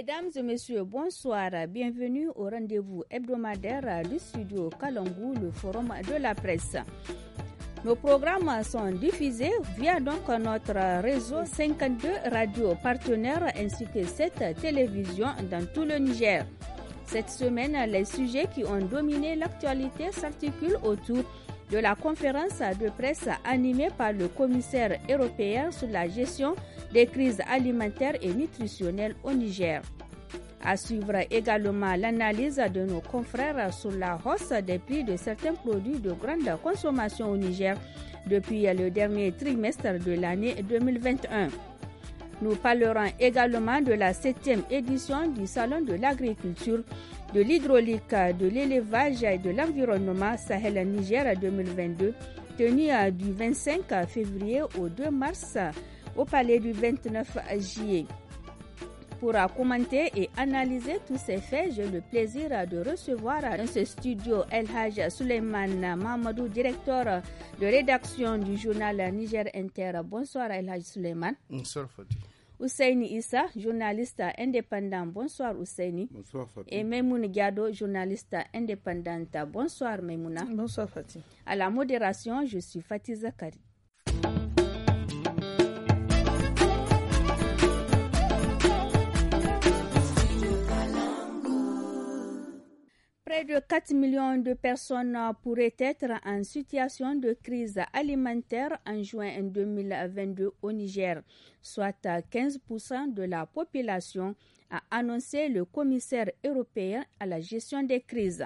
Mesdames et messieurs, bonsoir. Bienvenue au rendez-vous hebdomadaire du studio Kalangou, le forum de la presse. Nos programmes sont diffusés via donc notre réseau 52 Radio partenaires ainsi que cette télévision dans tout le Niger. Cette semaine, les sujets qui ont dominé l'actualité s'articulent autour de la conférence de presse animée par le commissaire européen sur la gestion des crises alimentaires et nutritionnelles au Niger. À suivre également l'analyse de nos confrères sur la hausse des prix de certains produits de grande consommation au Niger depuis le dernier trimestre de l'année 2021. Nous parlerons également de la septième édition du Salon de l'agriculture, de l'hydraulique, de l'élevage et de l'environnement Sahel Niger 2022, tenu du 25 février au 2 mars au palais du 29 juillet. Pour commenter et analyser tous ces faits, j'ai le plaisir de recevoir dans ce studio El Haj Suleiman Mamadou, directeur de rédaction du journal Niger Inter. Bonsoir El Haj Suleiman. Bonsoir Fatih. Ousseini Issa, journaliste indépendant. Bonsoir Ousseini. Bonsoir Fatih. Et Memoun Gado, journaliste indépendante. Bonsoir Memouna. Bonsoir Fatih. À la modération, je suis Fatih Zakari. Près de 4 millions de personnes pourraient être en situation de crise alimentaire en juin 2022 au Niger, soit 15% de la population, a annoncé le commissaire européen à la gestion des crises.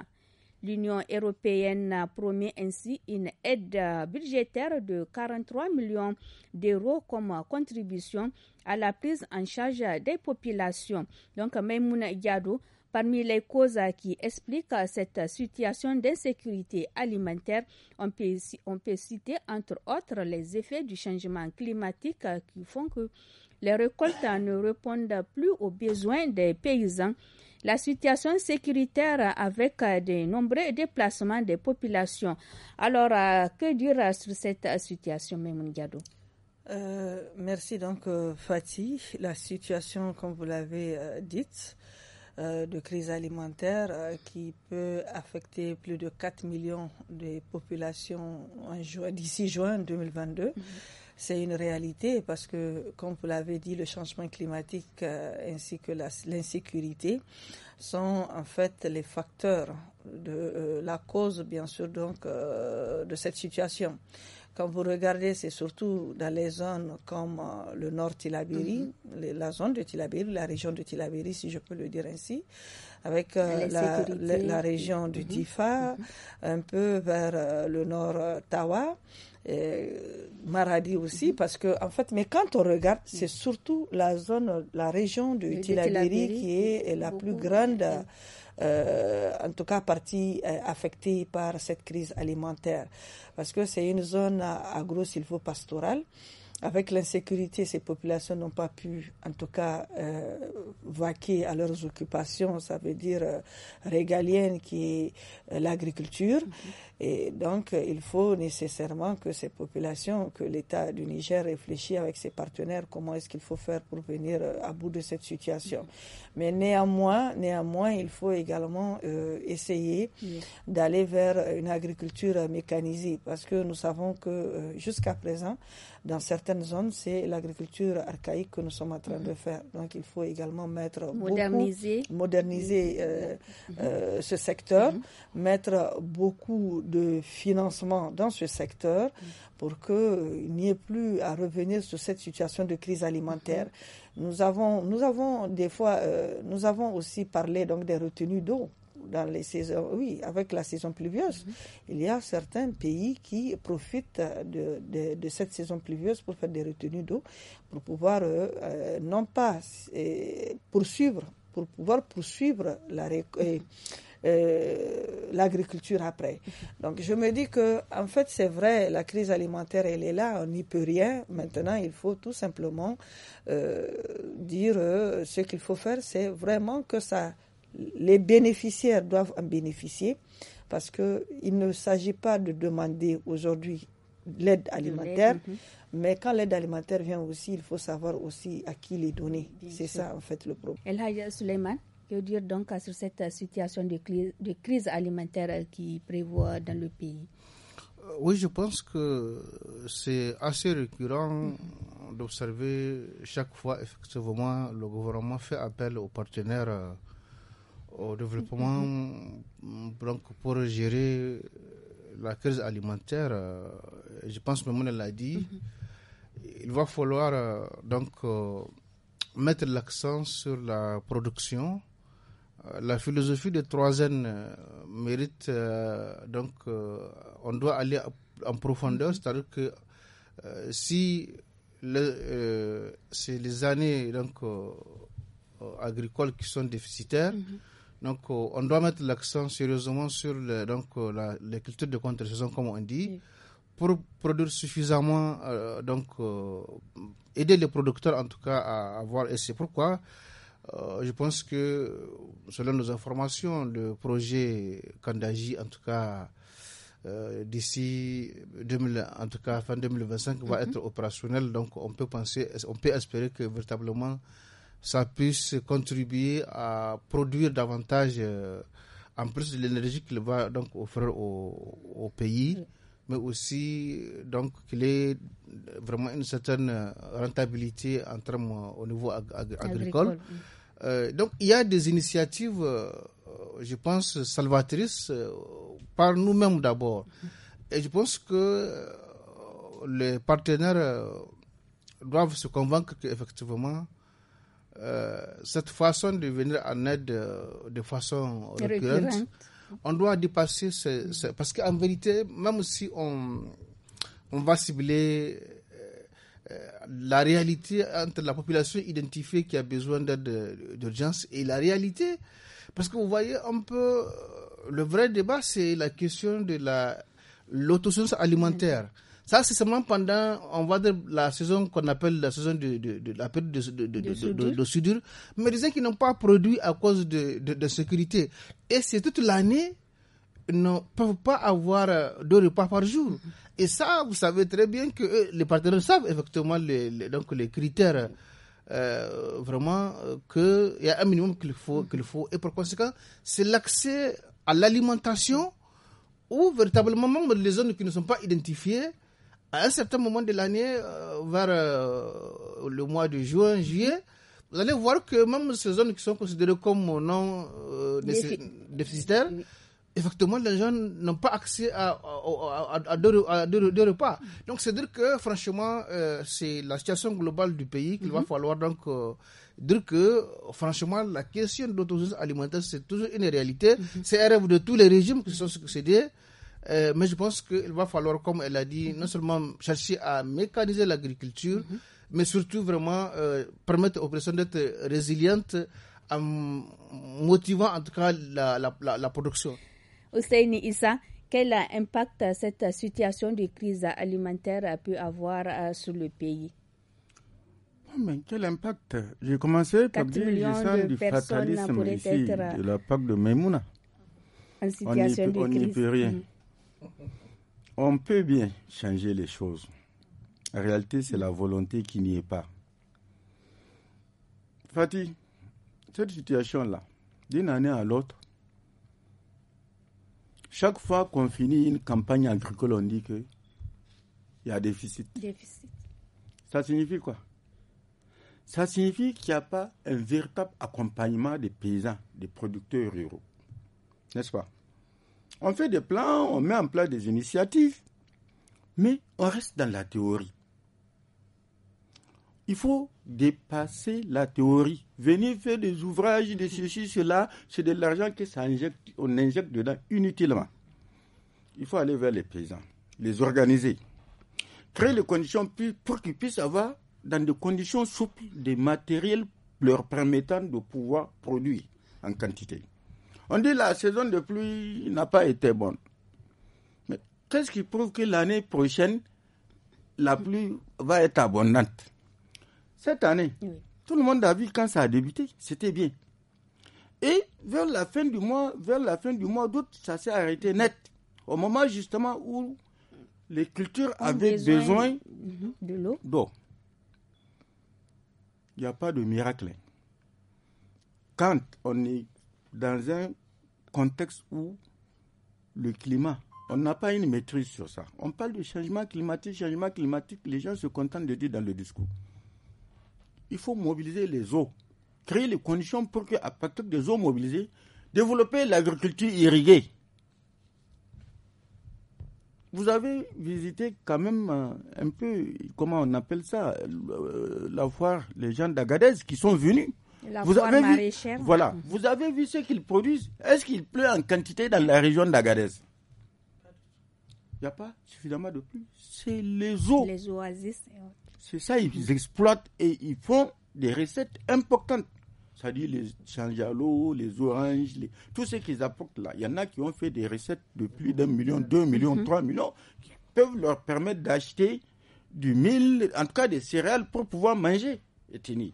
L'Union européenne promet ainsi une aide budgétaire de 43 millions d'euros comme contribution à la prise en charge des populations. Donc, Maimouna Yadou, Parmi les causes qui expliquent cette situation d'insécurité alimentaire, on peut, citer entre autres les effets du changement climatique qui font que les récoltes ne répondent plus aux besoins des paysans. La situation sécuritaire avec de nombreux déplacements des populations. Alors, que dire cette situation, Mme euh, Merci donc, euh, Fatih. La situation, comme vous l'avez dit. Euh, dite, euh, de crise alimentaire euh, qui peut affecter plus de 4 millions de populations juin d'ici juin 2022. Mhm. C'est une réalité parce que, comme vous l'avez dit, le changement climatique euh, ainsi que l'insécurité sont en fait les facteurs de la cause, bien sûr, donc de cette situation. Quand vous regardez, c'est surtout dans les zones comme euh, le nord Tilabiri, mm-hmm. la zone de Tilabiri, la région de Tilabiri, si je peux le dire ainsi, avec euh, la, région du Tifa, mm-hmm. mm-hmm. un peu vers euh, le nord Tawa. Maradi aussi, parce que, en fait, mais quand on regarde, mm. c'est surtout la zone, la région de Tilabiri, qui est la plus grande. Euh, en tout cas partie euh, affectée par cette crise alimentaire, parce que c'est une zone agro-silvopastorale. Avec l'insécurité, ces populations n'ont pas pu, en tout cas, euh, vaquer à leurs occupations, ça veut dire régaliennes, qui est l'agriculture. Mhm. Et donc, il faut nécessairement que ces populations, que l'État du Niger réfléchisse avec ses partenaires comment est-ce qu'il faut faire pour venir euh, à bout de cette situation. Mais néanmoins, néanmoins il faut également euh, essayer d'aller vers une agriculture mécanisée parce que nous savons que euh, jusqu'à présent, dans certaines zones, c'est l'agriculture archaïque que nous sommes en train de mm-hmm. faire. Donc, il faut également mettre moderniser, moderniser mm-hmm. ce secteur, mm-hmm. mettre beaucoup de financement dans ce secteur pour qu'il euh, n'y ait plus à revenir sur cette situation de crise alimentaire. Nous avons, nous avons des fois, euh, nous avons aussi parlé donc des retenues d'eau dans les saisons, oui, avec la saison pluvieuse, il y a certains pays qui profitent euh, de, de, cette saison pluvieuse pour faire des retenues d'eau, pour pouvoir non pas poursuivre, pour pouvoir poursuivre la récolte euh, l'agriculture après. Donc je me dis que, en fait, c'est vrai, la crise alimentaire, elle est là, on n'y peut rien. Maintenant, il faut tout simplement euh, dire euh, ce qu'il faut faire, c'est vraiment que ça, les bénéficiaires doivent en bénéficier parce qu'il ne s'agit pas de demander aujourd'hui l'aide alimentaire. Mhm. Mais quand l'aide alimentaire vient aussi, il faut savoir aussi à qui les donner. C'est ça, en fait, le problème. Que dire donc sur cette situation de crise, alimentaire qui prévoit dans le pays euh, oui, je pense que c'est assez récurrent d'observer chaque fois, effectivement, le gouvernement fait appel aux partenaires euh, au développement pour gérer euh, la crise alimentaire. Je pense que Mme l'a dit. Mhm. Il va falloir donc mettre l'accent sur la production euh, la philosophie de trois euh, mérite euh, donc on doit aller en profondeur, mm-hmm. c'est-à-dire que si le, c'est les années donc agricoles qui sont déficitaires. Mm-hmm. Donc, on doit mettre l'accent sérieusement sur donc, la, les cultures de contre-saison, comme on dit, pour produire suffisamment, donc, aider les producteurs en tout cas à avoir. Et c'est pourquoi euh, je pense que, selon nos informations, le projet Kandaji, en tout cas, euh, d'ici en tout cas fin 2025 va mhm. être opérationnel donc on peut penser on peut espérer que véritablement ça puisse contribuer à produire davantage euh, en plus de l'énergie qu'il va donc offrir au, pays mais aussi donc qu'il ait vraiment une certaine rentabilité en termes au niveau agricole, euh, donc il y a des initiatives, euh, euh, je pense, salvatrices par nous-mêmes d'abord. Et je pense que les partenaires doivent se convaincre qu'effectivement, cette façon de venir en aide de façon récurrente, on doit dépasser parce qu'en vérité, même si on, on va cibler euh, la réalité entre la population identifiée qui a besoin d'aide euh, d'urgence et la réalité. Parce que vous voyez un peu, euh, le vrai débat, c'est la question de la alimentaire. Ça, c'est seulement pendant, on va dire, la saison qu'on appelle la saison de, de, de la période de, soudure. mais des gens qui n'ont pas produit à cause de, sécurité. Et c'est toute l'année, ne peuvent pas avoir deux repas par jour. Et ça, vous savez très bien que euh, les partenaires savent effectivement les, donc les critères. Euh, vraiment euh, qu'il y a un minimum qu'il faut, qu'il faut. Et par conséquent, c'est l'accès à l'alimentation où véritablement même les zones qui ne sont pas identifiées, à un certain moment de l'année, vers le mois de juin, juillet, vous allez voir que même ces zones qui sont considérées comme non déficitaires, effectivement, les gens n'ont pas accès à, deux, repas. Donc, c'est dire que, franchement, euh, c'est la situation globale du pays qu'il va mhm. falloir donc euh, dire que, franchement, la question d'autosuffisance alimentaire, c'est toujours une réalité. Mhm. C'est un rêve de tous les régimes qui sont succédés. Euh, mais je pense qu'il va falloir, comme elle a dit, mhm. non seulement chercher à mécaniser l'agriculture, mais surtout vraiment permettre aux personnes d'être résilientes en motivant en tout cas la production. Hussein Issa, quel impact cette situation de crise alimentaire a pu avoir euh, sur le pays oh, quel impact J'ai commencé par dire je du fatalisme ici, être... de euh, la PAC de Maimouna. En situation on n'y peut, rien. Mm. On peut bien changer les choses. En réalité, c'est la volonté qui n'y est pas. Fatih, cette situation-là, d'une année à l'autre, chaque fois qu'on finit une campagne agricole, on dit qu'il y a déficit. déficit. Ça signifie quoi Ça signifie qu'il n'y a pas un véritable accompagnement des paysans, des producteurs ruraux. N'est-ce pas On fait des plans, on met en place des initiatives, mais on reste dans la théorie il faut dépasser la théorie. Venir faire des ouvrages, de ceci, cela, c'est de l'argent que ça injecte, on injecte dedans inutilement. Il faut aller vers les paysans, les organiser, créer les conditions pour qu'ils puissent avoir, dans des conditions souples, des matériels leur permettant de pouvoir produire en quantité. On dit la saison de pluie n'a pas été bonne. Mais qu'est-ce qui prouve que l'année prochaine, la pluie va être abondante cette année, tout le monde a vu quand ça a débuté, c'était bien. Et vers la fin du mois, vers la fin du mois d'août, ça s'est arrêté net. Au moment justement où les cultures avaient besoin, mhm. de l'eau. D'eau. Il n'y a pas de miracle. Hein. Quand on est dans un contexte où le climat, on n'a pas une maîtrise sur ça. On parle de changement climatique, changement climatique, les gens se contentent de dire dans le discours il faut mobiliser les eaux, créer les conditions pour qu'à partir des eaux mobilisées, développer l'agriculture irriguée. Vous avez visité quand même euh, un peu, comment on appelle ça, euh, la foire, les gens d'Agadez qui sont venus. vous avez Vu, voilà, mhm. vous avez vu ce qu'ils produisent. Est-ce qu'il pleut en quantité dans la région d'Agadez Il n'y a pas suffisamment de pluie. C'est les eaux. Les oasis c'est ça, ils exploitent et ils font des recettes importantes. C'est-à-dire les changelots, les oranges, les... tout ce qu'ils apportent là. Il y en a qui ont fait des recettes de plus d'un million, deux millions, mhm. trois millions, qui peuvent leur permettre d'acheter du mille, en tout cas des céréales pour pouvoir manger et tenir.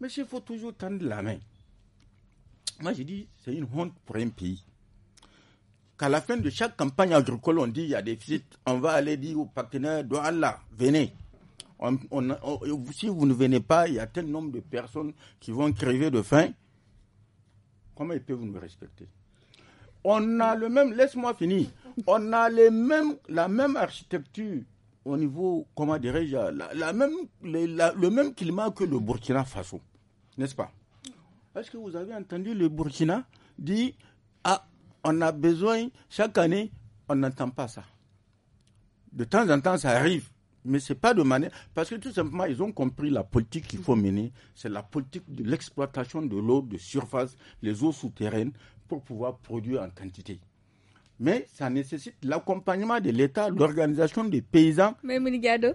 Mais il faut toujours tendre la main. Moi, je dis, c'est une honte pour un pays. Qu'à la fin de chaque campagne agricole, on dit, il y a déficit, on va aller dire aux partenaires, de Allah, venez. On, oh, si vous ne venez pas, il y a tel nombre de personnes qui vont crever de faim. Comment ils peuvent nous respecter On a le même, laisse-moi finir, on a les mêmes, la même architecture au niveau, comment dirais-je, la, même, le même climat que le Burkina Faso, n'est-ce pas Est-ce que vous avez entendu le Burkina dire Ah, on a besoin, chaque année, on n'entend pas ça. De temps en temps, ça arrive. Mais ce n'est pas de manière. Parce que tout simplement, ils ont compris la politique qu'il faut mener. C'est la politique de l'exploitation de l'eau de surface, les eaux souterraines, pour pouvoir produire en quantité. Mais ça nécessite l'accompagnement de l'État, l'organisation des paysans. Mais Munigado,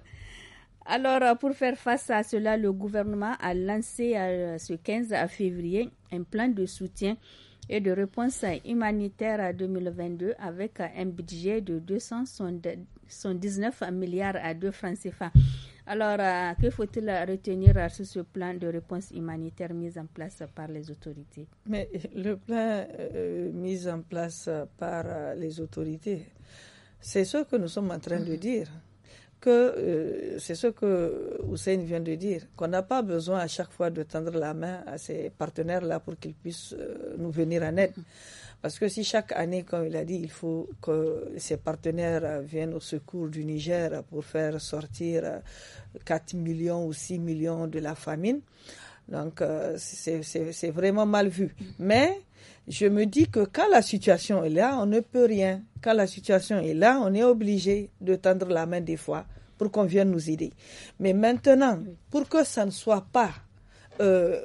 alors, euh, pour faire face à cela, le gouvernement a lancé euh, ce 15 février un plan de soutien et de réponse humanitaire à 2022 avec un budget de 219 milliards à 2 francs CFA. Alors, euh, que faut-il retenir sur ce plan de réponse humanitaire mis en place par les autorités Mais le plan euh, mis en place par euh, les autorités, c'est ce que nous sommes en train de mhm. dire que euh, c'est ce que Hussein vient de dire, qu'on n'a pas besoin à chaque fois de tendre la main à ces partenaires-là pour qu'ils puissent euh, nous venir en aide. Parce que si chaque année, comme il a dit, il faut que ces partenaires euh, viennent au secours du Niger pour faire sortir 4 millions ou 6 millions de la famine, donc euh, c'est vraiment mal vu. Mais je me dis que quand la situation est là, on ne peut rien. Quand la situation est là, on est obligé de tendre la main des fois pour qu'on vienne nous aider. Mais maintenant, pour que ça ne soit pas euh,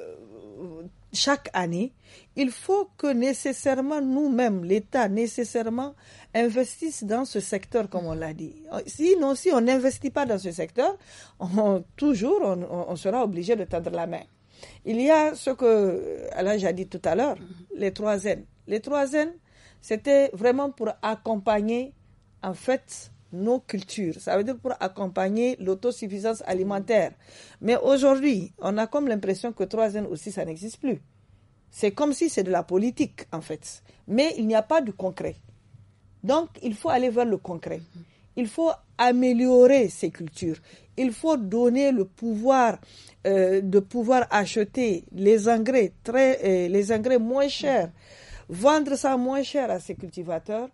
chaque année, il faut que nécessairement nous-mêmes, l'État nécessairement, investisse dans ce secteur, comme on l'a dit. Sinon, si on n'investit pas dans ce secteur, toujours on sera obligé de tendre la main. Il y a ce que euh, Alain dit tout à l'heure, mhm. les trois N. Les trois N, c'était vraiment pour accompagner, en fait, nos cultures. Ça veut dire pour accompagner l'autosuffisance mhm. alimentaire. Mais aujourd'hui, on a comme l'impression que trois n aussi, ça n'existe plus. C'est comme si c'est de la politique, en fait. Mais il n'y a pas de concret. Donc, il faut aller vers le concret. Mhm il faut améliorer ces cultures. Il faut donner le pouvoir euh, de pouvoir acheter les engrais, très, euh, les engrais moins chers, vendre ça moins cher à ces cultivateurs,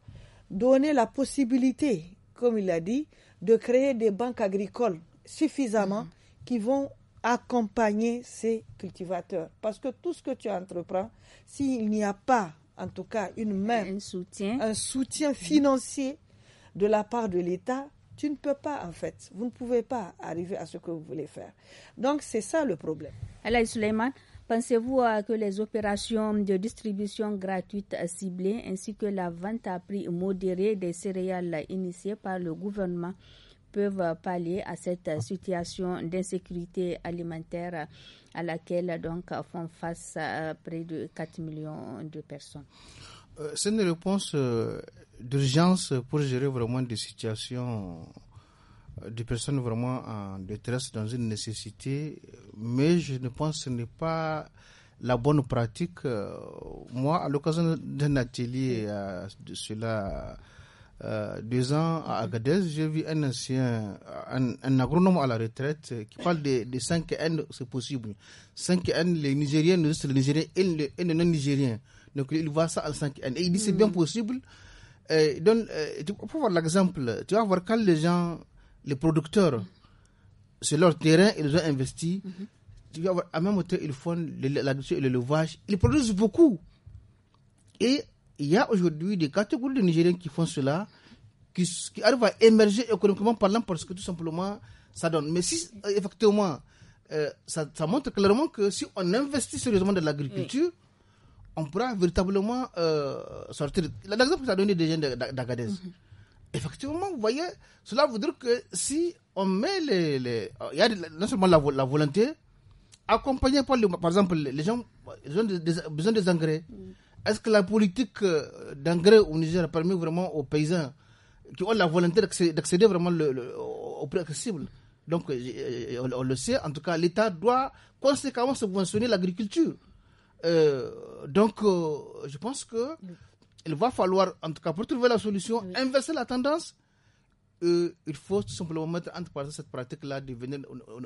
donner la possibilité, comme il a dit, de créer des banques agricoles suffisamment mm-hmm. qui vont accompagner ces cultivateurs. Parce que tout ce que tu entreprends, s'il n'y a pas, en tout cas, une main, un soutien financier, de la part de l'État, tu ne peux pas, en fait. Vous ne pouvez pas arriver à ce que vous voulez faire. Donc, c'est ça le problème. Alain Suleiman, pensez-vous euh, que les opérations de distribution gratuite ciblées ainsi que la vente à prix modéré des céréales initiées par le gouvernement peuvent pallier à cette situation d'insécurité alimentaire à laquelle donc font face euh, près de 4 millions de personnes euh, C'est une réponse d'urgence pour gérer vraiment des situations euh, de personnes vraiment en détresse dans une nécessité, mais je ne pense que ce n'est pas la bonne pratique. Euh, moi, à l'occasion d'un atelier euh, de cela, deux ans à Agadez, j'ai vu un ancien, un, agronome à la retraite qui parle des de 5 N, c'est possible. 5 N, les Nigériens, les Nigériens et, les non-Nigériens. Donc il voit ça à 5 N. Et il dit c'est bien hmm. possible eh, eh, pour voir l'exemple, tu vas voir quand les gens, les producteurs, sur leur terrain, ils ont investi, mhm. tu vas voir, à même temps, ils font l'agriculture et l'élevage, ils produisent beaucoup. Et il y a aujourd'hui des catégories de Nigériens qui font cela, qui, arrivent à émerger économiquement parlant parce que tout simplement, ça donne. Mais si, euh, effectivement, euh, ça, montre clairement que si on investit sérieusement dans l'agriculture, on pourra véritablement euh, sortir. L'exemple que tu as donné des jeunes d'Agadez. Mm-hmm. Effectivement, vous voyez, cela veut dire que si on met les. il y a non seulement la, volonté, accompagné par, par exemple les gens ont besoin des engrais. Mm. Est-ce que la politique euh, d'engrais au Niger permis vraiment aux paysans qui ont la volonté d'accéder vraiment le, au prix accessible Donc, euh, on, on le sait, en tout cas, l'État doit conséquemment subventionner l'agriculture. Euh, donc, euh, je pense que il va falloir, en tout cas, pour trouver la solution, inverser la tendance. Euh, il faut simplement mettre entre place cette pratique-là de venir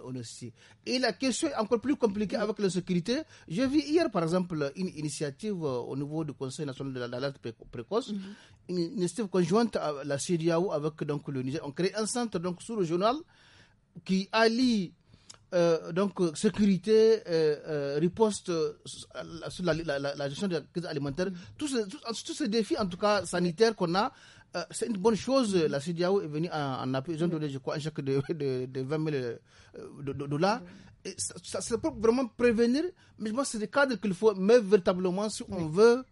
aussi. Et la question est encore plus compliquée avec la sécurité. J'ai vu hier, par exemple, une initiative au niveau du Conseil national de l'alerte précoce, mhm. une initiative conjointe à la CDAO avec donc, le Niger. On crée un centre donc, sous-régional qui allie donc sécurité, riposte sur la, gestion de la crise alimentaire, tous ces, défis, en tout cas sanitaires qu'on a, euh, c'est une bonne chose. La CDAO est venue en, en appui. Ils ont je crois, un chèque de, 20 000 euh, dollars. ça, ça c'est pour vraiment prévenir. Mais je pense que c'est des cadres qu'il faut. mettre véritablement, si on veut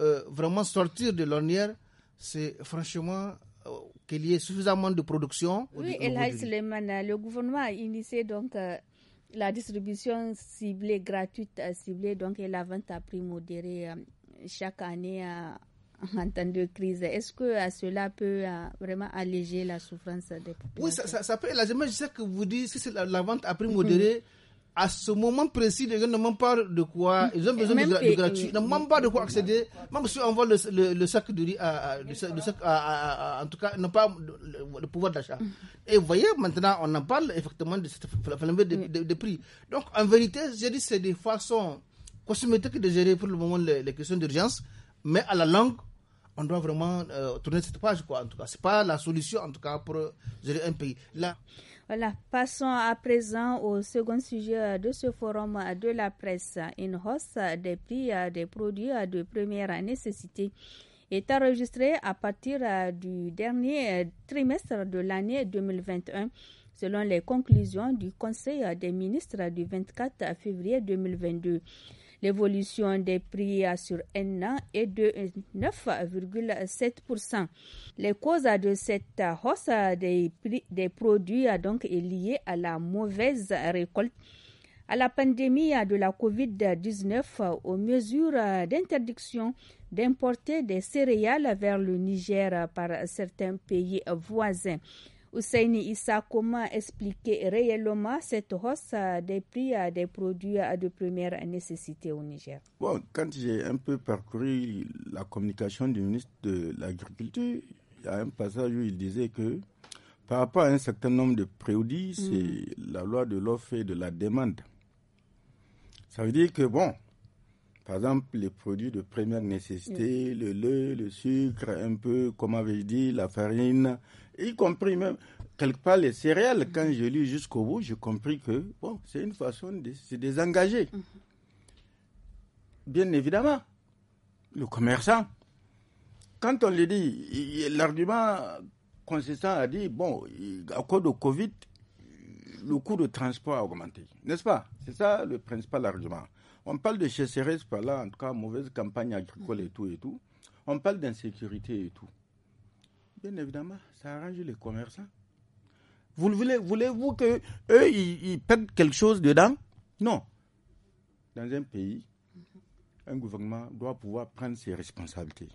euh, vraiment sortir de l'ornière, c'est franchement qu'il y ait suffisamment de production. Oui, et là, le gouvernement a initié donc euh, la distribution ciblée, gratuite, euh, ciblée, donc et la vente à prix modéré euh, chaque année en temps de crise. Est-ce que cela peut vraiment alléger la souffrance des populations Oui, ça, peut alléger. je sais que vous dites, que c'est la, vente à prix mhm. modéré, à ce moment précis, gens n'ont même pas de quoi, ils ont besoin de, gratuit, ils n'ont même pas de quoi accéder. Même si on voit le, sac de riz, en tout cas, ils n'ont pas le, pouvoir d'achat. Mm. Et vous voyez, maintenant, on en parle effectivement de cette flambée de, prix. Donc, en vérité, j'ai dit, c'est des façons cosmétiques de gérer pour le moment les, questions d'urgence, mais à la langue, on doit vraiment euh, tourner cette page, quoi. En tout cas, c'est pas la solution, en tout cas, pour gérer un pays. Là. Voilà, passons à présent au second sujet de ce forum de la presse. Une hausse des prix des produits de première nécessité est enregistrée à partir du dernier trimestre de l'année 2021 selon les conclusions du Conseil des ministres du 24 février 2022. L'évolution des prix sur un an est de 9,7%. Les causes de cette hausse des prix des produits donc est liée à la mauvaise récolte à la pandémie de la COVID-19 aux mesures d'interdiction d'importer des céréales vers le Niger par certains pays voisins. Ousseini Issa, comment expliquer réellement cette hausse des prix des produits de première nécessité au Niger Bon, quand j'ai un peu parcouru la communication du ministre de l'Agriculture, il y a un passage où il disait que par rapport à un certain nombre de produits, mm. c'est la loi de l'offre et de la demande. Ça veut dire que, bon, par exemple, les produits de première nécessité, mm. le lait, le sucre, un peu, comme avait dit, la farine, y compris même quelque part les céréales. Quand je lis jusqu'au bout, j'ai compris que bon, c'est une façon de se désengager. Mm-hmm. Bien évidemment, le commerçant, quand on lui dit, l'argument consistant à dire, bon, à cause de Covid, le coût de transport a augmenté. N'est-ce pas C'est ça le principal argument. On parle de chez par là, en tout cas, mauvaise campagne agricole et tout et tout. On parle d'insécurité et tout. Bien évidemment, ça arrange les commerçants. Vous voulez, voulez-vous que eux ils, quelque chose dedans Non. Dans un pays, un gouvernement doit pouvoir prendre ses responsabilités,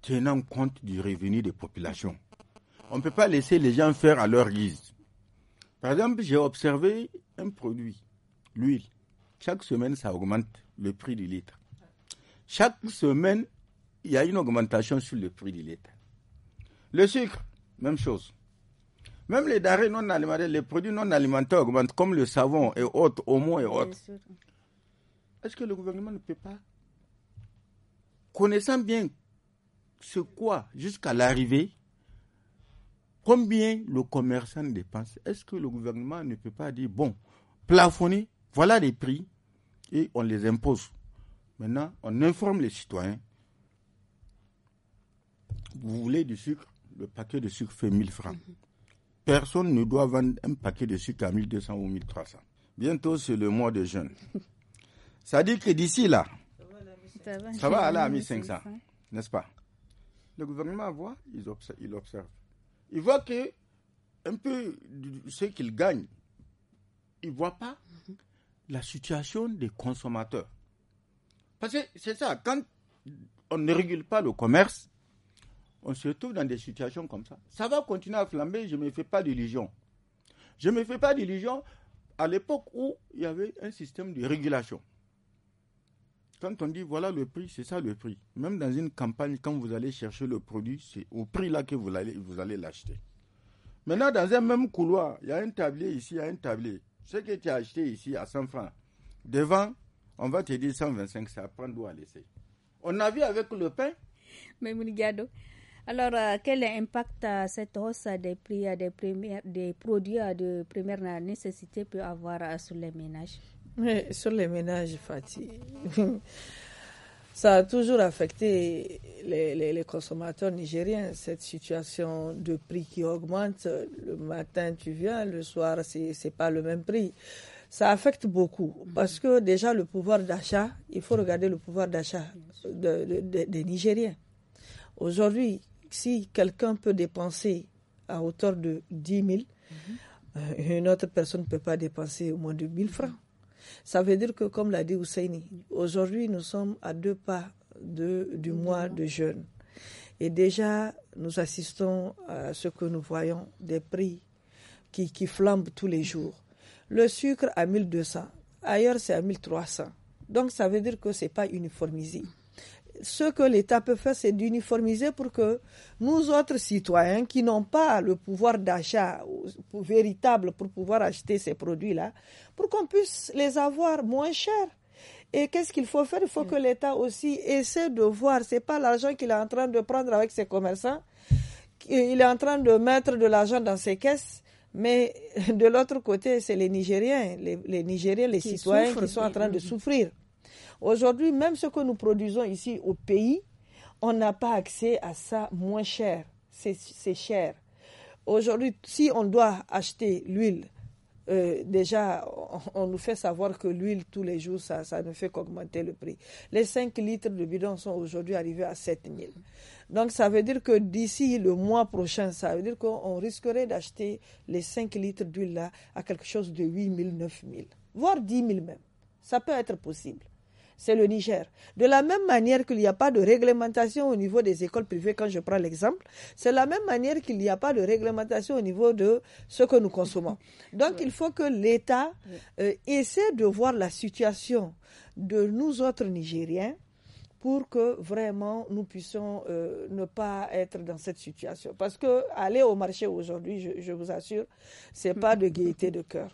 tenant compte du revenu des populations. On ne peut pas laisser les gens faire à leur guise. Par exemple, j'ai observé un produit, l'huile. Chaque semaine, ça augmente le prix du litre. Chaque semaine, il y a une augmentation sur le prix du litre. Le sucre, même chose. Même les non alimentaires, les produits non alimentaires augmentent, comme le savon et autres, moins et autres. Est-ce que le gouvernement ne peut pas, connaissant bien ce quoi jusqu'à l'arrivée, combien le commerçant dépense, est-ce que le gouvernement ne peut pas dire, bon, plafonner, voilà les prix, et on les impose. Maintenant, on informe les citoyens. Vous voulez du sucre le paquet de sucre fait 1000 francs. Personne ne doit vendre un paquet de sucre à 1200 ou 1300. Bientôt, c'est le mois de jeûne. Ça dit que d'ici là, ça va, aller à 1500, n'est-ce pas Le gouvernement voit, il observe. Il, voit que un peu ce qu'il gagne, il ne voit pas la situation des consommateurs. Parce que c'est ça, quand on ne régule pas le commerce, on se retrouve dans des situations comme ça. Ça va continuer à flamber, je ne me fais pas d'illusion. Je ne me fais pas d'illusion à l'époque où il y avait un système de régulation. Quand on dit voilà le prix, c'est ça le prix. Même dans une campagne, quand vous allez chercher le produit, c'est au prix là que vous allez, vous allez l'acheter. Maintenant, dans un même couloir, il y a un tablier ici, il y a un tablier. Ce que tu as acheté ici à 100 francs, devant, on va te dire 125, ça prend d'où à laisser. On a vu avec le pain. Mais Gado, alors, euh, quel impact euh, cette hausse des prix euh, des, premières, des produits de première nécessité peut avoir sur les ménages Sur les ménages, Fatih, ça a toujours affecté les, consommateurs nigériens, cette situation de prix qui augmente. Le matin, tu viens, le soir, c'est pas le même prix ça affecte beaucoup mhm. parce que déjà le pouvoir d'achat, il faut regarder le pouvoir d'achat des Nigériens. Aujourd'hui, si quelqu'un peut dépenser à hauteur de 10 000, euh, une autre personne ne peut pas dépenser au moins de 000 francs. Ça veut dire que, comme l'a dit Husseini, aujourd'hui nous sommes à deux pas du mois de jeûne. Et déjà, nous assistons à ce que nous voyons, des prix qui, flambent tous les jours. Le sucre à 1200, ailleurs c'est à 1300. Donc ça veut dire que ce n'est pas uniformisé ce que l'État peut faire, c'est d'uniformiser pour que nous autres citoyens qui n'ont pas le pouvoir d'achat véritable pour pouvoir acheter ces produits-là, pour qu'on puisse les avoir moins chers. Et qu'est-ce qu'il faut faire Il faut mm. que l'État aussi essaie de voir. n'est pas l'argent qu'il est en train de prendre avec ses commerçants. Il est en train de mettre de l'argent dans ses caisses. Mais de l'autre côté, c'est les Nigériens, les, Nigériens, les citoyens qui sont en train mm, de mm, souffrir. Aujourd'hui, même ce que nous produisons ici au pays, on n'a pas accès à ça moins cher. C'est cher. Aujourd'hui, si on doit acheter l'huile, euh, déjà, on, nous fait savoir que l'huile, tous les jours, ça, ça ne fait qu'augmenter le prix. Les 5 litres de bidon sont aujourd'hui arrivés à 7 000. Donc, ça veut dire que d'ici le mois prochain, ça veut dire qu'on risquerait d'acheter les 5 litres d'huile-là à quelque chose de 8 000, 9 000, voire 10 000 même. Ça peut être possible c'est le Niger. De la même manière qu'il n'y a pas de réglementation au niveau des écoles privées, quand je prends l'exemple, c'est la même manière qu'il n'y a pas de réglementation au niveau de ce que nous consommons. Donc il faut que l'État euh, essaie de voir la situation de nous autres Nigériens pour que vraiment nous puissions euh, ne pas être dans cette situation. Parce que aller au marché aujourd'hui, je, vous assure, ce n'est pas de gaieté de cœur.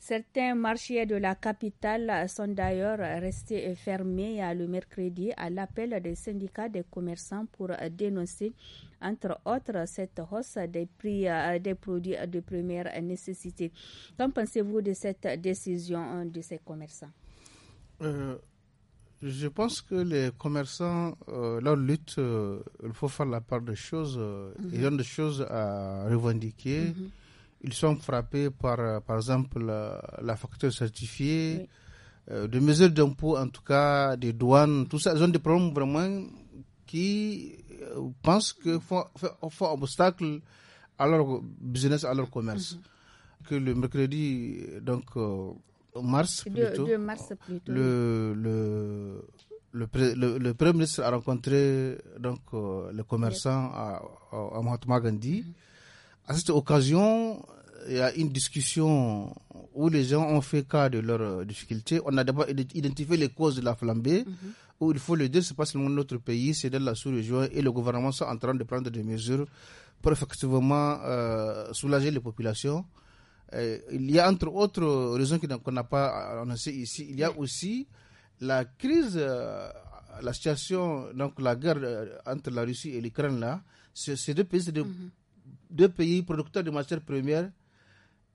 Certains marchés de la capitale sont d'ailleurs restés fermés le mercredi à l'appel des syndicats des commerçants pour dénoncer, entre autres, cette hausse des prix euh, des produits de première nécessité. Qu'en pensez-vous de cette décision euh, de ces commerçants euh, Je pense que les commerçants, leur lutte, il faut faire la part des choses. il Ils ont des choses à revendiquer. Mhm ils sont frappés par, euh, par exemple, euh, la, facture certifiée, euh, des mesures d'impôt, en tout cas, des douanes, tout ça. Ils ont des problèmes vraiment qui pensent que font, font, obstacle à leur business, à leur commerce. Mhm. Que le mercredi, donc, mars, plutôt, le, le, le, Premier ministre a rencontré donc, les commerçants à, Mahatma Gandhi. Mhm. À cette occasion, il y a une discussion où les gens ont fait cas de leurs euh, difficultés. On a d'abord identifié les causes de la flambée. Mhm. Où il faut le dire, n'est pas seulement notre pays, c'est de la sous-région et le gouvernement sont en train de prendre des mesures pour effectivement euh, soulager les populations. Euh, il y a entre autres raisons qu'on n'a pas annoncées ici, il y a aussi la crise, la situation, donc la guerre entre la Russie et l'Ukraine là, ces deux pays, c'est des deux pays producteurs de matières premières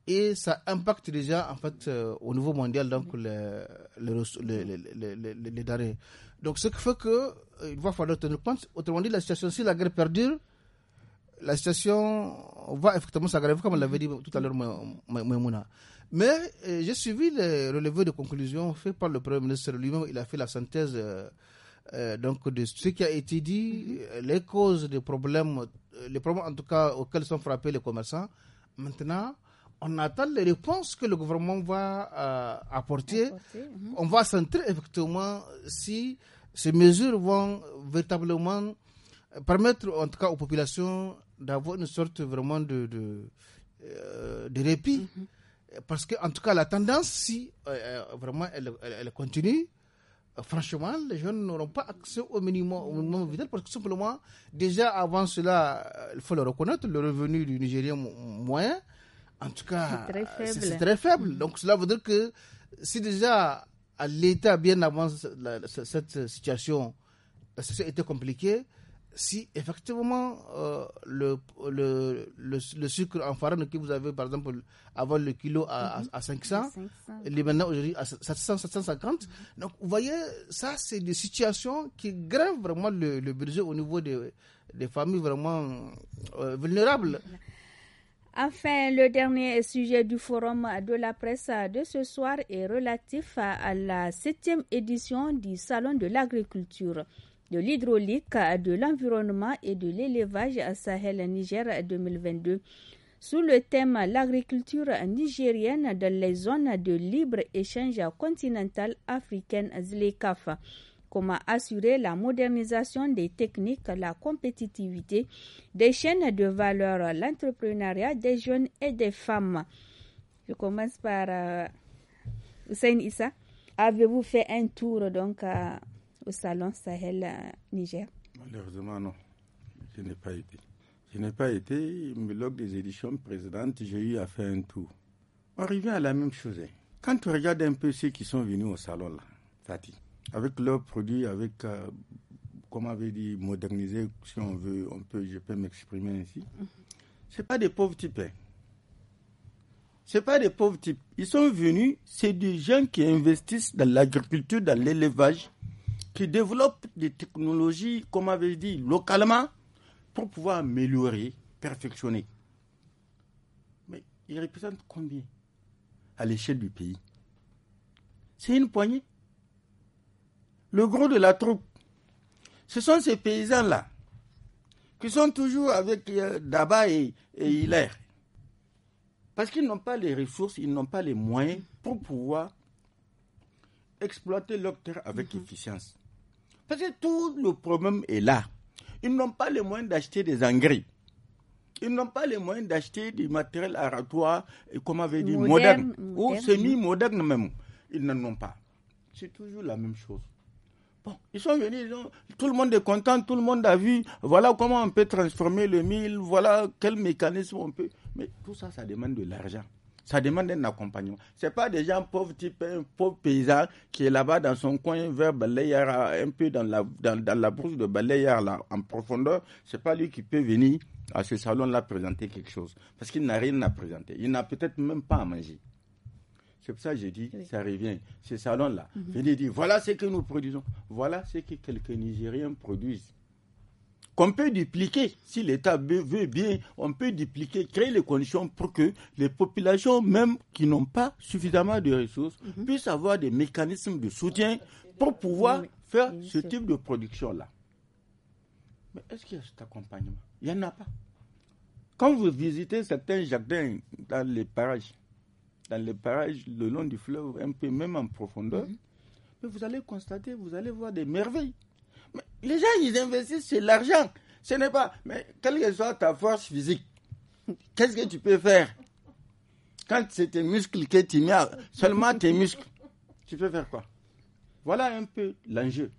et ça impacte déjà en fait euh, au niveau mondial donc les, les, Donc ce qui fait que euh, va falloir tenir compte. Autrement dit, la situation si la guerre perdure, la situation va effectivement s'aggraver comme l'avait dit tout à l'heure Maimouna. Mais euh, j'ai suivi les relevés de conclusion faits par le Premier ministre lui-même. Il a fait la synthèse euh, donc, de ce qui a été dit, euh, les causes des problèmes, euh, les problèmes en tout cas auxquels sont frappés les commerçants, maintenant, on attend les réponses que le gouvernement va apporter. Uh-huh. On va centrer effectivement si ces mesures vont véritablement permettre en tout cas aux populations d'avoir une sorte vraiment de, de, de répit. Uh-huh. Parce que en tout cas la tendance, si vraiment elle, elle continue, franchement, les jeunes n'auront pas accès au minimum, au vital parce que simplement, déjà avant cela, euh, il faut le reconnaître, le revenu du Nigérien moyen, en tout cas, c'est très, euh, faible. Mm-hmm. Donc cela veut dire que si déjà à l'État, bien avant cette situation, ça a été compliqué si effectivement euh, le, le, le, sucre en farine que vous avez, par exemple, avant le kilo à, à 500, mhm. il est maintenant aujourd'hui à 700, 750. Mhm. Donc, vous voyez, ça, c'est des situations qui grèvent vraiment le, le budget au niveau des, des familles vraiment euh, vulnérables. Enfin, le dernier sujet du forum de la presse de ce soir est relatif à la septième édition du Salon de l'agriculture de l'hydraulique, de l'environnement et de l'élevage à Sahel-Niger 2022 sous le thème L'agriculture nigérienne dans les zones de libre-échange continental africaine ZLECAF. Comment assurer la modernisation des techniques, la compétitivité des chaînes de valeur, l'entrepreneuriat des jeunes et des femmes. Je commence par euh, Hussein Issa. Avez-vous fait un tour donc au salon Sahel euh, Niger Malheureusement, non. Je n'ai pas été. Je n'ai pas été, mais lors des éditions précédentes, j'ai eu à faire un tour. On revient à la même chose. Hein. Quand tu regardes un peu ceux qui sont venus au salon, là, Fatih, avec leurs produits, avec, euh, comme on avait dit, moderniser si on veut, on peut, je peux m'exprimer ainsi. Mm-hmm. Ce pas des pauvres types. Hein. C'est pas des pauvres types. Ils sont venus, c'est des gens qui investissent dans l'agriculture, dans l'élevage, qui développent des technologies, comme avait dit, localement, pour pouvoir améliorer, perfectionner. Mais ils représentent combien à l'échelle du pays C'est une poignée. Le gros de la troupe, ce sont ces paysans-là qui sont toujours avec euh, Daba et, Hilaire. Parce qu'ils n'ont pas les ressources, ils n'ont pas les moyens pour pouvoir exploiter leur terre avec mhm. efficience. Parce que tout le problème est là. Ils n'ont pas les moyens d'acheter des engrais. Ils n'ont pas les moyens d'acheter du matériel aratoire, comme on avait dit, moderne, ou semi-moderne même. Ils n'en ont pas. C'est toujours la même chose. Bon, ils sont venus, tout le monde est content, tout le monde a vu, voilà comment on peut transformer le mille, voilà quel mécanisme on peut. Mais tout ça, ça demande de l'argent. Ça demande un accompagnement. Ce pas des gens pauvres, type un pauvre paysan qui est là-bas dans son coin vers un peu dans la, dans, la brousse de Balayar, en profondeur. Ce pas lui qui peut venir à ce salon-là présenter quelque chose. Parce qu'il n'a rien à présenter. Il n'a peut-être même pas à manger. C'est pour ça que j'ai dit, ça revient. ce salon là je mhm. dit, dire, voilà ce que nous produisons. Voilà ce que quelques Nigériens produisent qu'on peut dupliquer. Si l'État veut bien, on peut dupliquer, créer les conditions pour que les populations, même qui n'ont pas suffisamment de ressources, mhm. puissent avoir des mécanismes de soutien pour pouvoir faire ce type de production-là. Mais est-ce qu'il y a cet accompagnement Il n'y en a pas. Quand vous visitez certains jardins dans les parages, dans les parages le long du fleuve, un peu même en profondeur, mhm. vous allez constater, vous allez voir des merveilles. Les gens, ils investissent sur l'argent. Ce n'est pas. Mais quelle que soit ta force physique, qu'est-ce que tu peux faire Quand c'est tes muscles que tu mets, seulement tes muscles, tu peux faire quoi Voilà un peu l'enjeu.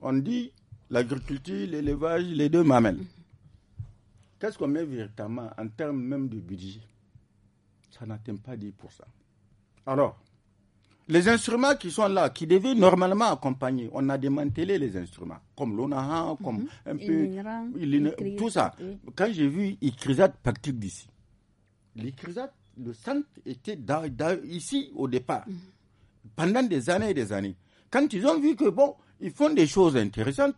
On dit l'agriculture, l'élevage, les deux m'amènent. Qu'est-ce qu'on met véritablement en termes même de budget Ça n'atteint pas 10%. Alors, les instruments qui sont là, qui devaient normalement accompagner, on a démantelé les instruments, comme l'ONAHA, comme mhm. un peu. tout ça. Quand j'ai vu Icrisat partir d'ici, l'Ikrizat, le centre était ici au départ, mhm. pendant des années et des années. Quand ils ont vu que, bon, ils font des choses intéressantes,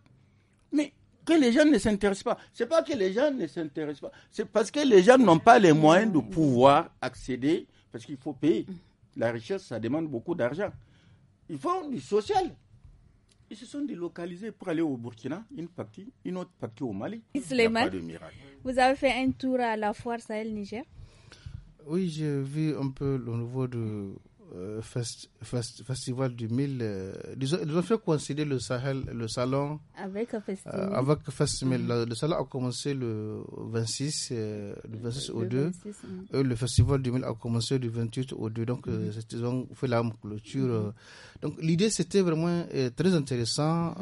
mais que les gens ne s'intéressent pas. Ce n'est pas que les gens ne s'intéressent pas, c'est parce que les gens n'ont pas les moyens de pouvoir accéder, parce qu'il faut payer. Mhm. La richesse, ça demande beaucoup d'argent. Ils font du social. Ils se sont délocalisés pour aller au Burkina, une partie, une autre partie au Mali. Pas de miracle. vous avez fait un tour à la foire Sahel-Niger Oui, j'ai vu un peu le nouveau de euh, fest, fest, festival du mille. Euh, ils, ont, fait coïncider le Sahel, le salon. Avec le Euh, avec mm. Le, salon a commencé le 26, 26 euh, au 2. le festival du mille a commencé le 28 au 2. Donc, mm-hmm. ils ont fait la clôture. Mm-hmm. Donc, l'idée, c'était vraiment très intéressant.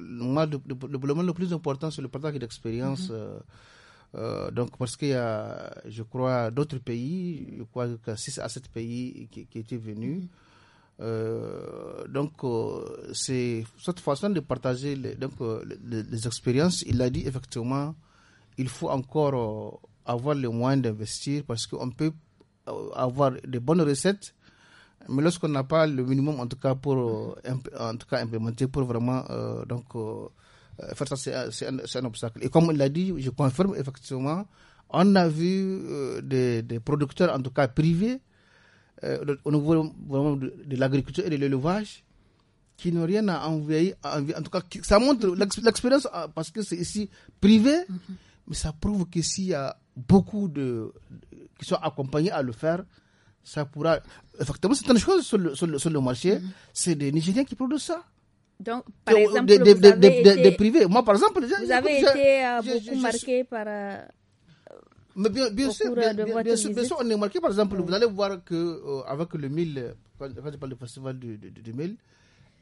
moi, le, le, le, plus important, c'est le partage d'expérience. Mm-hmm. Euh, donc, parce qu'il y a, je crois, d'autres pays, je crois que 6 à 7 pays qui, étaient venus. Euh, donc, euh, c'est cette façon de partager les, donc, les, expériences. Il a dit effectivement, il faut encore avoir les moyens d'investir parce qu'on peut avoir de bonnes recettes, mais lorsqu'on n'a pas le minimum, en tout cas, pour en tout cas, implémenter pour vraiment donc ça, euh, c'est un, obstacle. Et comme il l'a dit, je confirme effectivement, on a vu euh, des, producteurs, en tout cas privés, euh, au niveau de, l'agriculture et de l'élevage, qui n'ont rien à envoyer, En tout cas, ça montre l'expérience, ah, parce que c'est ici privé, mm-hmm. mais ça prouve que s'il y a beaucoup de, qui sont accompagnés à le faire, ça pourra. Effectivement, c'est une chose sur le, marché. Mm-hmm. C'est des Nigériens qui produisent ça. Donc, par exemple, vous avez été, des privés. Moi, par exemple, vous avez été euh, beaucoup marqué par. Euh, mais bien, sûr, bien, sûr, on est marqué. Par exemple, vous allez voir que euh, avec le mille, quand je parle du festival du, du,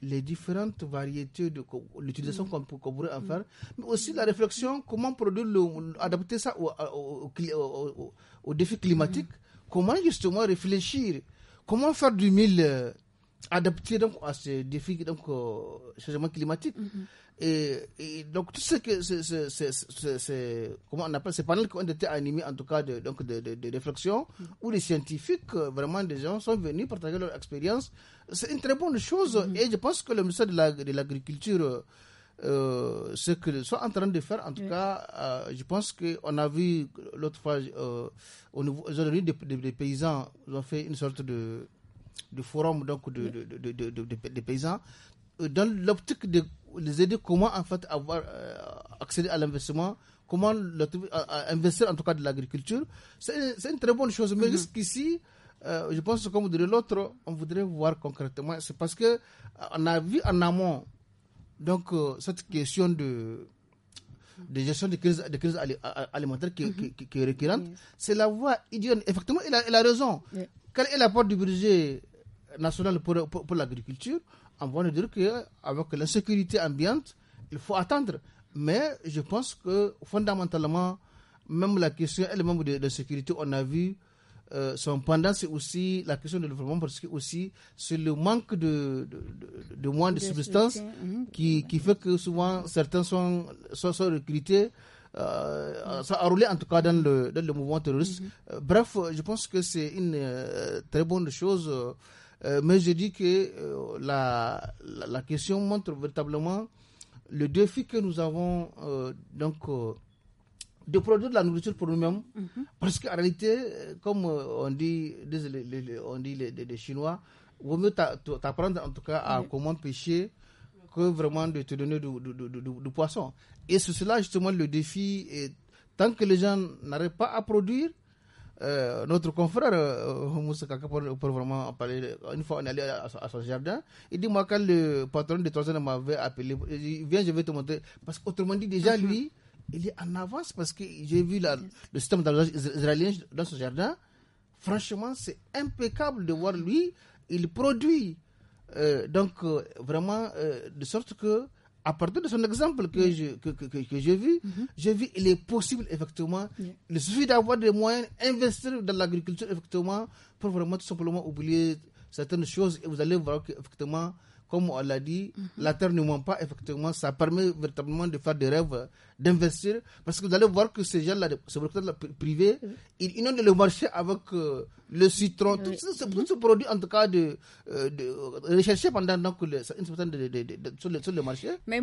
les différentes variétés de l'utilisation mm. qu'on pourrait en mm. faire, mais aussi la réflexion, comment produire, adapter ça au, au, climatique mm. comment justement réfléchir, comment faire du mille adapter donc à ce défi donc changement climatique mhm. et, donc tout ce que c'est comment on appelle ces panels qui ont été animés en tout cas de donc de, de, réflexion mhm. où les scientifiques euh, vraiment des gens sont venus partager leur expérience c'est une très bonne chose mhm. et je pense que le ministère de l'agriculture euh, euh, ce qu'ils sont en train de faire. En tout cas, je pense qu'on a vu l'autre fois, au niveau, aujourd'hui, des, des, paysans ont fait une sorte de, du forum donc de, de de, de, paysans, euh, dans l'optique de les aider comment en fait avoir euh, accéder à l'investissement, comment le, investir en tout cas de l'agriculture. C'est une très bonne chose, mais mm-hmm. jusqu'ici, euh, je pense comme direz l'autre, on voudrait voir concrètement. C'est parce que on a vu en amont donc cette question de de gestion des crises, de crise alimentaires mm-hmm. qui, est récurrente, c'est la voie idéale, Effectivement, il a, raison. Quelle est l'apport du budget national pour, pour, l'agriculture On va dire qu'avec l'insécurité ambiante, il faut attendre. Mais je pense que fondamentalement, même la question et le de, de, sécurité, on a vu sont euh, son pendant, c'est aussi la question de développement, parce que aussi c'est le manque de, de, de de, substances mhm. qui, fait que souvent certains sont, sont, sont recrutés euh, ça a roulé en tout cas dans le, mouvement terroriste. Mhm. Euh, bref, je pense que c'est une euh, très bonne chose. mais je dis que la, la, question montre véritablement le défi que nous avons donc de produire de la nourriture pour nous-mêmes, mhm. parce qu'en réalité, comme on dit, les, on dit les, les Chinois, vaut mieux t'apprendre en tout cas à comment pêcher que vraiment de te donner du poisson. Et c'est cela justement le défi. Et tant que les gens n'arrivent pas à produire, euh, notre confrère euh, Moussa pour, vraiment parler. Une fois on est allé à, son jardin, il dit Moi, quand le patron de Troisième m'avait appelé, il viens, je vais te montrer. Parce qu'autrement dit, déjà, mhm. lui, il est en avance parce que j'ai vu le système d'arrosage israélien dans son jardin. Franchement, c'est impeccable de voir lui, il produit. Euh, donc, vraiment, de sorte que à partir de son exemple que que, que, que j'ai vu, mhm. j'ai vu il est possible effectivement, il suffit d'avoir des moyens, investir dans l'agriculture effectivement pour vraiment tout simplement oublier certaines choses et vous allez voir qu'effectivement effectivement comme on l'a dit, mhm. la terre ne ment pas, effectivement, ça permet véritablement de faire des rêves, d'investir, parce que vous allez voir que ces gens-là, ces producteurs privés, ils inondent le marché avec euh, le citron, tout, ce, produit, en tout cas, de, euh, euh, recherché pendant donc, sur, le, marché. Mais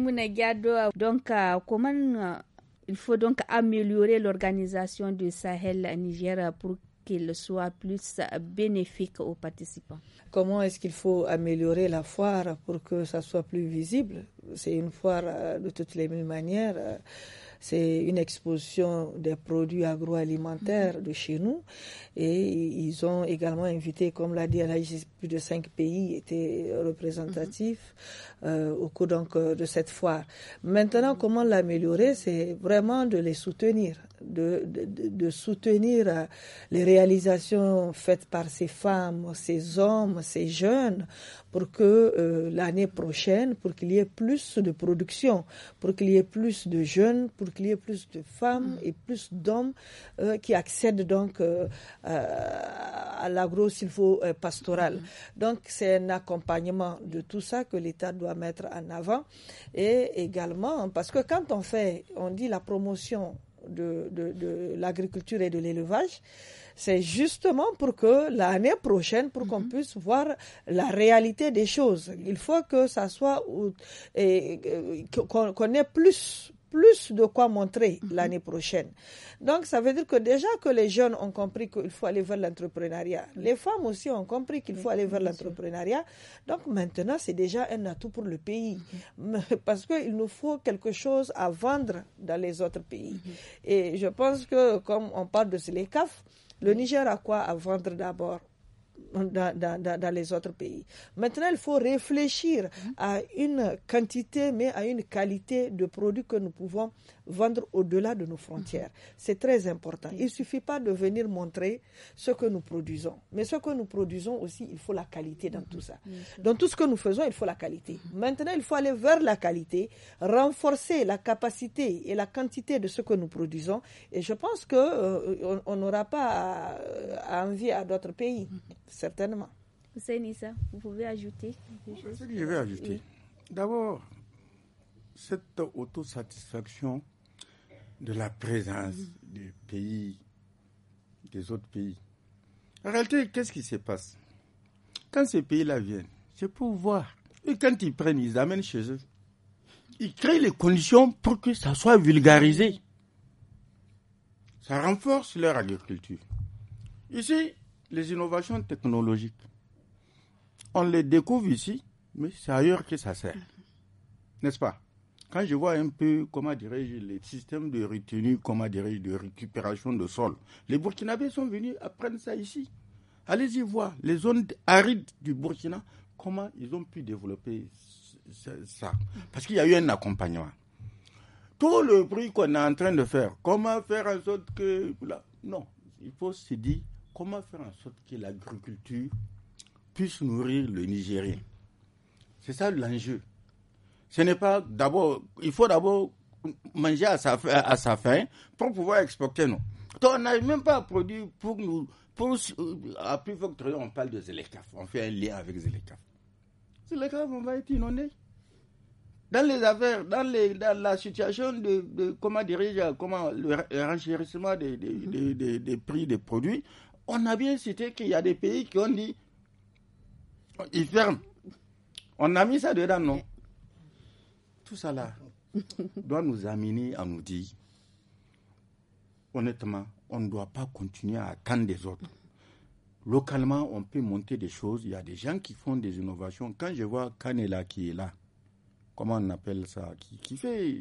donc, comment il faut donc améliorer l'organisation du Sahel Niger pour qu'il soit plus bénéfique aux participants. Comment est-ce qu'il faut améliorer la foire pour que ça soit plus visible C'est une foire euh, de toutes les mêmes manières. Euh, c'est une exposition des produits agroalimentaires de chez nous. Et ils ont également invité, comme l'a dit Alaïs, plus de cinq pays étaient représentatifs euh, au cours donc, euh, de cette foire. Maintenant, comment l'améliorer C'est vraiment de les soutenir. De, de, soutenir euh, les réalisations faites par ces femmes, ces hommes, ces jeunes, pour que l'année prochaine, pour qu'il y ait plus de production, pour qu'il y ait plus de jeunes, pour qu'il y ait plus de femmes mm. et plus d'hommes euh, qui accèdent donc euh, euh, à lagro faut, pastoral mm. Donc c'est un accompagnement de tout ça que l'État doit mettre en avant et également parce que quand on fait, on dit la promotion de, l'agriculture et de l'élevage, c'est justement pour que l'année prochaine, pour qu'on mm-hmm. puisse voir la réalité des choses. Il faut que ça soit qu'on ait plus plus de quoi montrer mhm. l'année prochaine. Donc, ça veut dire que déjà que les jeunes ont compris qu'il faut aller vers l'entrepreneuriat, les femmes aussi ont compris qu'il faut aller vers l'entrepreneuriat. Donc, maintenant, c'est déjà un atout pour le pays mhm. parce qu'il nous faut quelque chose à vendre dans les autres pays. Mhm. Et je pense que, comme on parle de CELECAF, le Niger a quoi à vendre d'abord dans, les autres pays. Maintenant, il faut réfléchir à une quantité, mais à une qualité de produits que nous pouvons vendre au-delà de nos frontières. Mhm. C'est très important. Il ne suffit pas de venir montrer ce que nous produisons. Mais ce que nous produisons aussi, il faut la qualité dans mhm. tout ça. Dans tout ce que nous faisons, il faut la qualité. Mhm. Maintenant, il faut aller vers la qualité, renforcer la capacité et la quantité de ce que nous produisons. Et je pense qu'on euh, on n'aura pas à, euh, à envier à d'autres pays, certainement. vous pouvez ajouter quelque ajouter. D'abord, cette autosatisfaction de la présence des pays, des autres pays. En réalité, qu'est-ce qui se passe Quand ces pays-là viennent, c'est pour voir. Et quand ils prennent, ils amènent chez eux. Ils créent les conditions pour que ça soit vulgarisé. Ça renforce leur agriculture. Ici, les innovations technologiques, on les découvre ici, mais c'est ailleurs que ça sert. Mm-hmm. N'est-ce pas quand je vois un peu, comment dirais-je, les systèmes de retenue, comment dirais-je, de récupération de sol, les Burkinabés sont venus apprendre ça ici. Allez-y voir les zones arides du Burkina, comment ils ont pu développer ça. Parce qu'il y a eu un accompagnement. Tout le bruit qu'on est en train de faire, comment faire en sorte que... Là, non, il faut se dire comment faire en sorte que l'agriculture puisse nourrir le Nigérien. C'est ça l'enjeu. Ce n'est pas d'abord, il faut d'abord manger à sa, à faim pour pouvoir exporter, non. on n'a même pas produit pour nous. Euh, à plus on parle de Zélectaf. On fait un lien avec Zélectaf. Zélectaf, on va être inondé. Dans les affaires, dans, la situation de, comment diriger, comment le renchérissement des prix des produits, on a bien cité qu'il y a des pays qui ont dit ils ferment. On a mis ça dedans, non tout ça là doit nous amener à nous dire, honnêtement, on ne doit pas continuer à attendre des autres. Localement, on peut monter des choses. Il y a des gens qui font des innovations. Quand je vois Canela qui est là, comment on appelle ça, qui, fait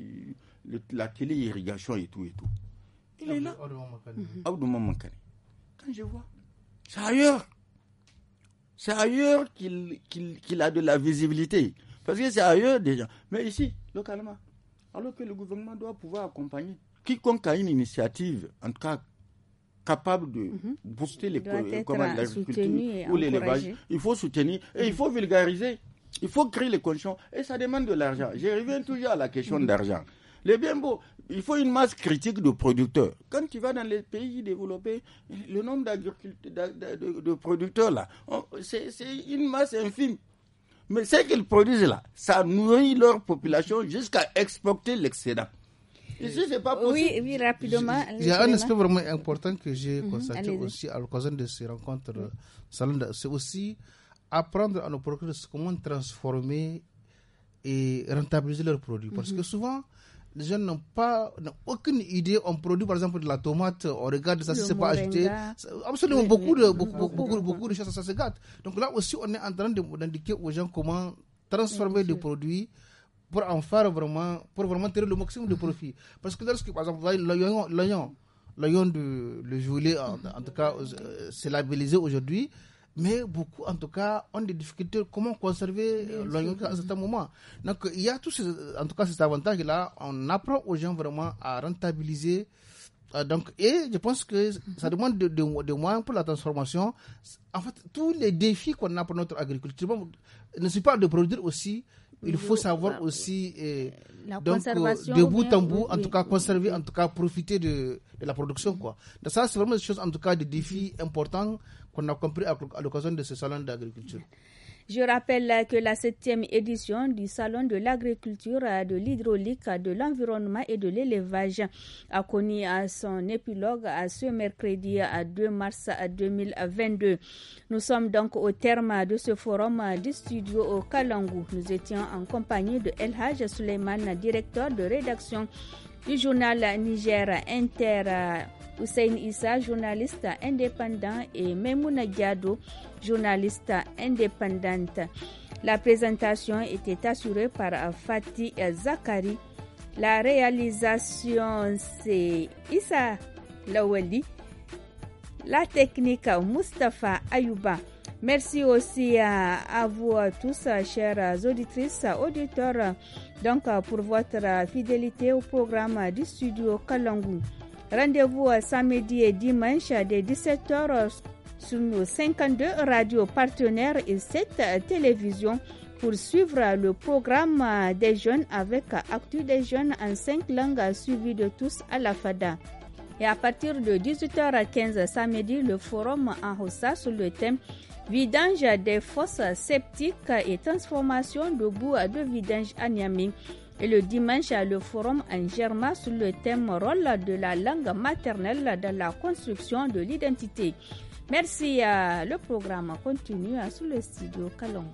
la télé-irrigation et tout et tout. Il est là. Mhm. Quand je vois, c'est ailleurs. C'est ailleurs qu'il a de la visibilité. Parce que c'est ailleurs déjà. Mais ici, localement. Alors que le gouvernement doit pouvoir accompagner. Quiconque a une initiative, en tout cas capable de mhm. booster les commandes l'agriculture ou l'élevage, il faut soutenir et il faut vulgariser. Il faut créer les conditions et ça demande de l'argent. Je reviens toujours à la question mhm. d'argent. Les bien beaux, il faut une masse critique de producteurs. Quand tu vas dans les pays développés, le nombre de, de producteurs là, c'est une masse infime. Mais ce qu'ils produisent là, ça nourrit leur population jusqu'à exporter l'excédent. c'est pas possible. Oui, oui, rapidement. Il y a un aspect vraiment important que j'ai mhm, constaté aussi à l'occasion de ces rencontres. Euh, c'est aussi apprendre à nos producteurs comment transformer et rentabiliser leurs produits. Parce mhm. que souvent, les gens n'ont pas aucune idée. On produit par exemple de la tomate, on regarde ça, si c'est pas ajouté. Absolument beaucoup, de, beaucoup, de choses, ça, se gâte. Donc là aussi, on est en train d'indiquer aux gens comment transformer des produits pour en faire vraiment, pour vraiment tirer le maximum de profit. Parce que lorsque, par exemple, l'oignon, l'oignon, l'oignon de le en, tout cas, euh, c'est labellisé aujourd'hui mais beaucoup, en tout cas, ont des difficultés. Comment conserver euh, l'oignon à un certain moment Donc, il y a tous en tout cas, cet avantage-là. On apprend aux gens vraiment à rentabiliser. Euh, donc, et je pense que ça demande des de, de moyens pour la transformation. En fait, tous les défis qu'on a pour notre agriculture, ne sont pas de produire aussi il faut savoir bah, aussi euh, la donc, de bout en bout, en tout cas conserver, en tout cas profiter de, de la production. Quoi. Donc ça, c'est vraiment des choses, en tout cas, des défis importants qu'on a compris à, l'occasion de ce salon d'agriculture. Je rappelle que la septième édition du Salon de l'agriculture, de l'hydraulique, de l'environnement et de l'élevage a connu euh, son épilogue euh, ce mercredi 2 euh, mars 2022. Nous sommes donc au terme de ce forum du studio au Kalangou. Nous étions en compagnie de Elhaj Suleiman, directeur de rédaction du journal Niger Inter. Hussein Issa, journaliste indépendant, et Memouna Diado, journaliste indépendante. La présentation était assurée par Fatih Zakari. La réalisation, c'est Issa Lawali. La technique, Mustapha Ayouba. Merci aussi à, vous tous, chères auditrices, auditeurs, donc pour votre fidélité au programme du studio Kalangu. Rendez-vous samedi et dimanche à 17h sur nos 52 radios partenaires et 7 télévisions pour suivre le programme des jeunes avec Actu des jeunes en 5 langues suivi de tous à la FADA. Et à partir de 18h15 samedi, le forum en Hossa sur le thème vidange des fosses sceptiques et transformation de goût de vidange à Niamey. Et le dimanche, le forum en germa sur le thème rôle de la langue maternelle dans la construction de l'identité. Merci. Euh, le programme continue hein, sous le studio Kalongo.